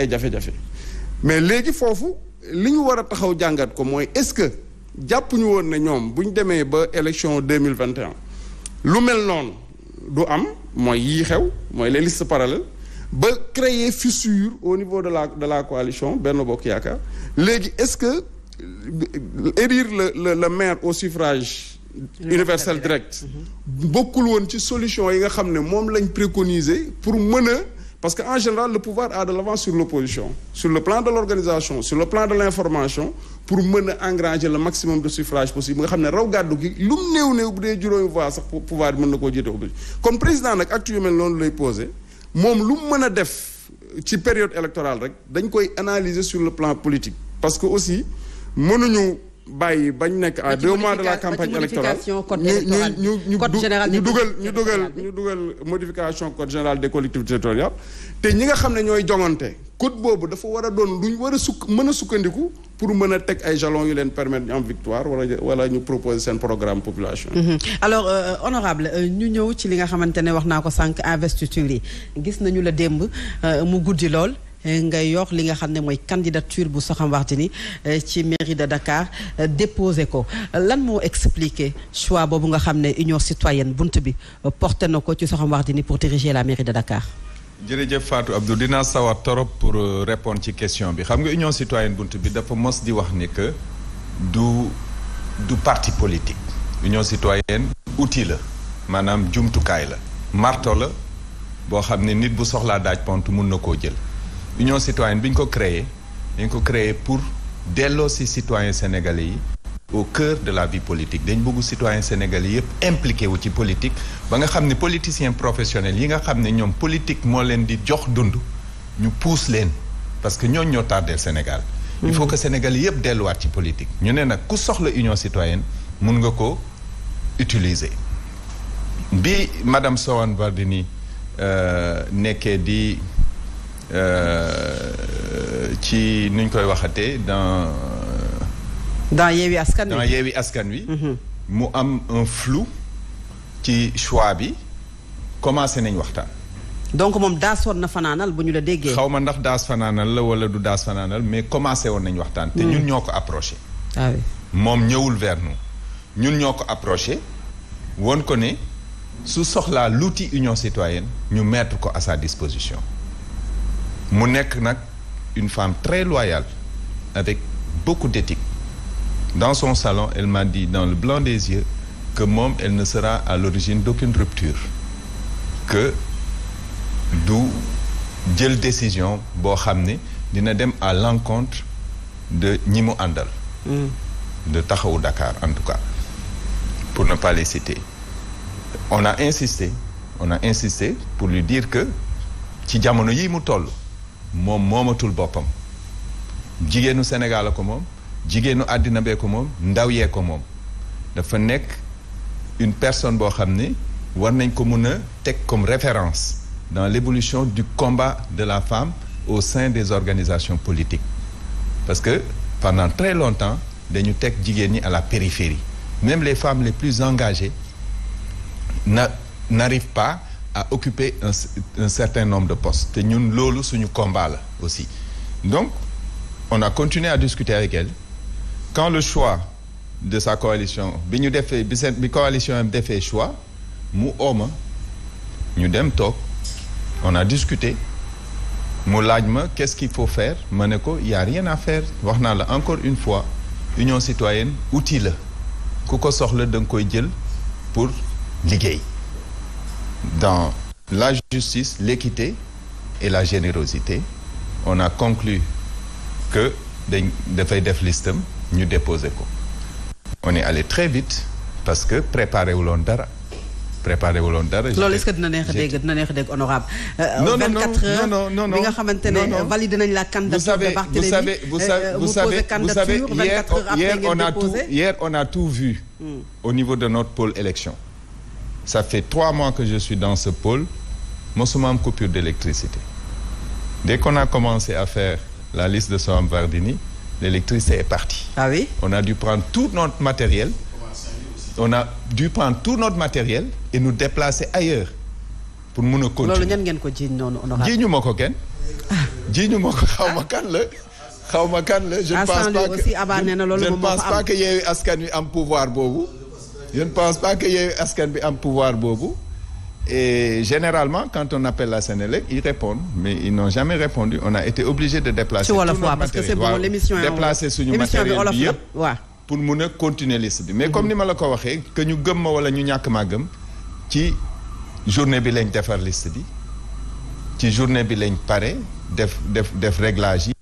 ay jafe-jafe mais léegi foofu li ñu war a taxaw jàngat ko mooy est-ce que jàpp ñu woon ne ñoom bu ñu demee ba élection deux mille vingt et lu mel noon du am mooy yii xew mooy les listes parallèles ba créer fissure au niveau de la de la coalition benn Bokk Yaakaar léegi est-ce que élire le le le maire au suffrage universel direct bokkul woon ci solution yi nga xam ne moom lañ préconiser pour mën parce que en général le pouvoir a de sur l'opposition sur le plan de l'organisation sur le plan de l'information pour mën a engranger le maximum de suffrage possible nga xam ne raw gàddu gi lu mu néew néew bu dee juróomi voix sax pouvoir bi mën na koo jiite obligé kon président nag acte mel noonu lay posé moom lu mu mën a def ci période électorale rek dañ koy analyser sur le plan politique parce que aussi mënuñu bàyyi bañ nekk à deux mois de la campagne électorale ñu ñu ñu ñu dugal ñu dugal ñu dugal modification code général des collectivités territoriales te ñi nga xam ne ñooy jongante code boobu dafa war a doon luñ war a sukk mën a sukkandiku pour mën a teg ay jalons yu leen permettre ñu am victoire wala wala ñu proposer seen programme population mhm. alors euh, honorable euh, ñu ñëw ci li nga xamante ne wax naa ko sànq investiture yi gis nañu la démb euh, mu guddi lool Eh, ngay yokk li nga xam ne mooy candidature bu Soham Wardini eh, ci mairie de Dakar eh, déposé ko lan moo expliqué choix boobu nga xam ne Union citoyenne bunt bi porte na ko ci Soham Wardini pour diriger la mairie de Dakar. jërëjëf Fatou Abdou dinaa sawar torop pour euh, répondre ci question bi xam nga Union citoyenne bunt bi dafa mos di wax ni que du du parti politique. Union citoyenne outil la maanaam jumtukaay la marto la boo xam ne nit bu soxlaa daaj pont mun na koo jël. union citoyenne bi ñu ko créé dañ ko créé pour delloo si citoyen sénégalais yi au cœur de la vie politique dañ bëgg citoyen sénégalais yëpp impliqué wu ci politique ba nga xam ne politicien professionnel yi nga xam ne ñoom politique moo leen di jox dund ñu puus leen parce que ñooñ ñoo tardé Sénégal il faut que sénégalais yëpp delluwaat ci politique ñu ne nag ku soxla union citoyenne mun nga ko utiliser bi madame Soham El Wardini euh, nekkee di Euh, ci nuñ koy waxatee dans. dans yeewi askan wi dans yeewi askan wi. Mhm. mu am un flou ci choix bi commencé nañ waxtaan. donc moom daasoon na fanaanal bu ñu la déggee. xaw ma ndax daas fanaanal la wala du daas fanaanal mais commencé woon nañ waxtaan. te mhm. ñun ñoo ko approché. ah moom ñëwul vers ñun ñoo ko approché woon ko ne su soxlaa l'outil union citoyenne ñu mettre ko à sa disposition. mu nekk nag une femme très loyale avec beaucoup d'éthique dans son salon elle m'a dit dans le blanc des yeux que moom elle ne sera à l'origine d'aucune rupture que du jël décision boo xam ne dina dem à l'encontre de ñi mu àndal hmm. de Taxawu Dakar en tout cas pour ne pas les citer on a insisté pour lui dire que ci jamono yi mu toll moom moomatul boppam jigéenu Sénégal a ko moom jigéenu àddina bee ko moom ndaw yee ko moom dafa nekk une personne boo xam ne war nañ ko mun a teg comme référence dans l'évolution du combat de la femme au sein des organisations politiques parce que pendant très longtemps dañu teg jigéen ñi à la périphérie même les femmes les plus engagées na n'arrivent pas à occuper un, un certain nombre de postes te ñun loolu suñu combat la aussi donc on a continué à discuter avec elle quand choix de sa coalition bi ñu defee bi seen bi coalition am defee choix mu ooma ñu dem toog on a discuté mu laaj ma qu'est-ce qu'il faut faire ma ne ko y a rien à faire wax naa la encore une fois union citoyenne outil la ku ko soxla danga koy jël pour liggéey dans la justice, l'équité et la générosité. On a conclu que dañ dafay def listam ñu déposer ko. on est allé très vite parce que préparé wu loon dara. préparé wu loon dara. loolu est-ce que dina neex a dina neex a dégg honorable. non euh, non non non non non non bi nga xamante ne valide nañ la candidature de Barthélémy. a tout hier on a tout vu. Hmm. au niveau de notre pôle élection. ça fait trois mois que je suis dans ce pôle mosuma am coupure d'électricité dès qu'on a commencé à faire la liste de Soham Wardini l'électricité est partie ah oui on a dû prendre tout notre matériel on a dû prendre tout notre matériel et nous déplacer ailleurs pour mun a continuer loolu ñan ngeen ko jiiñ noonu jiiñu ma ko kenn jiiñu ma xaw ma kan la ma kan la je ne pense pas que je ne pense pas que Yewwi Askan Wi am pouvoir boobu je ne pense pas que Yewwi Askan bi am pouvoir boobu et généralement quand on appelle la Sénélec ils répondent mais ils n'ont jamais répondu on a été obligé de déplacer. ci wolof waaw parce que c'est bon l'émission déplacer suñu matériel bi yëpp waaw pour mun continuer liste bi mais comme ni ma la ko waxee que ñu gëm ma wala ñu ñàkk maa ci journée bi lañ defar liste bi ci journée bi lañ pare def def def réglage yi.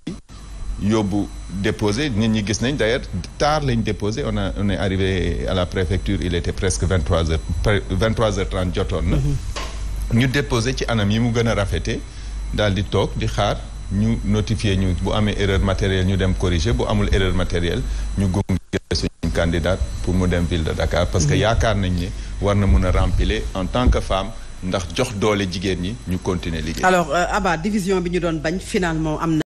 yóbbu déposé nit ñi gis nañ d'ailleurs tard lañ déposé on a on est arrivé à la préfecture il était presque vingt trois heures vingt trois heures trente jotoon na. Mm-hmm. ñu déposé ci anam yi mu gën a rafete daal di toog di xaar ñu notifié ñu bu amee erreur matériel ñu dem corriger bu amul erreur matérielle ñu gunge suñu candidat pour mu dem ville de Dakar. parce que mm-hmm. yaakaar nañ ne war na mun a rempiler en tant que femme. ndax jox doole jigéen ñi ñu continuer liggéey. alors euh, division